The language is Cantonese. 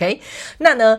OK. 那呢？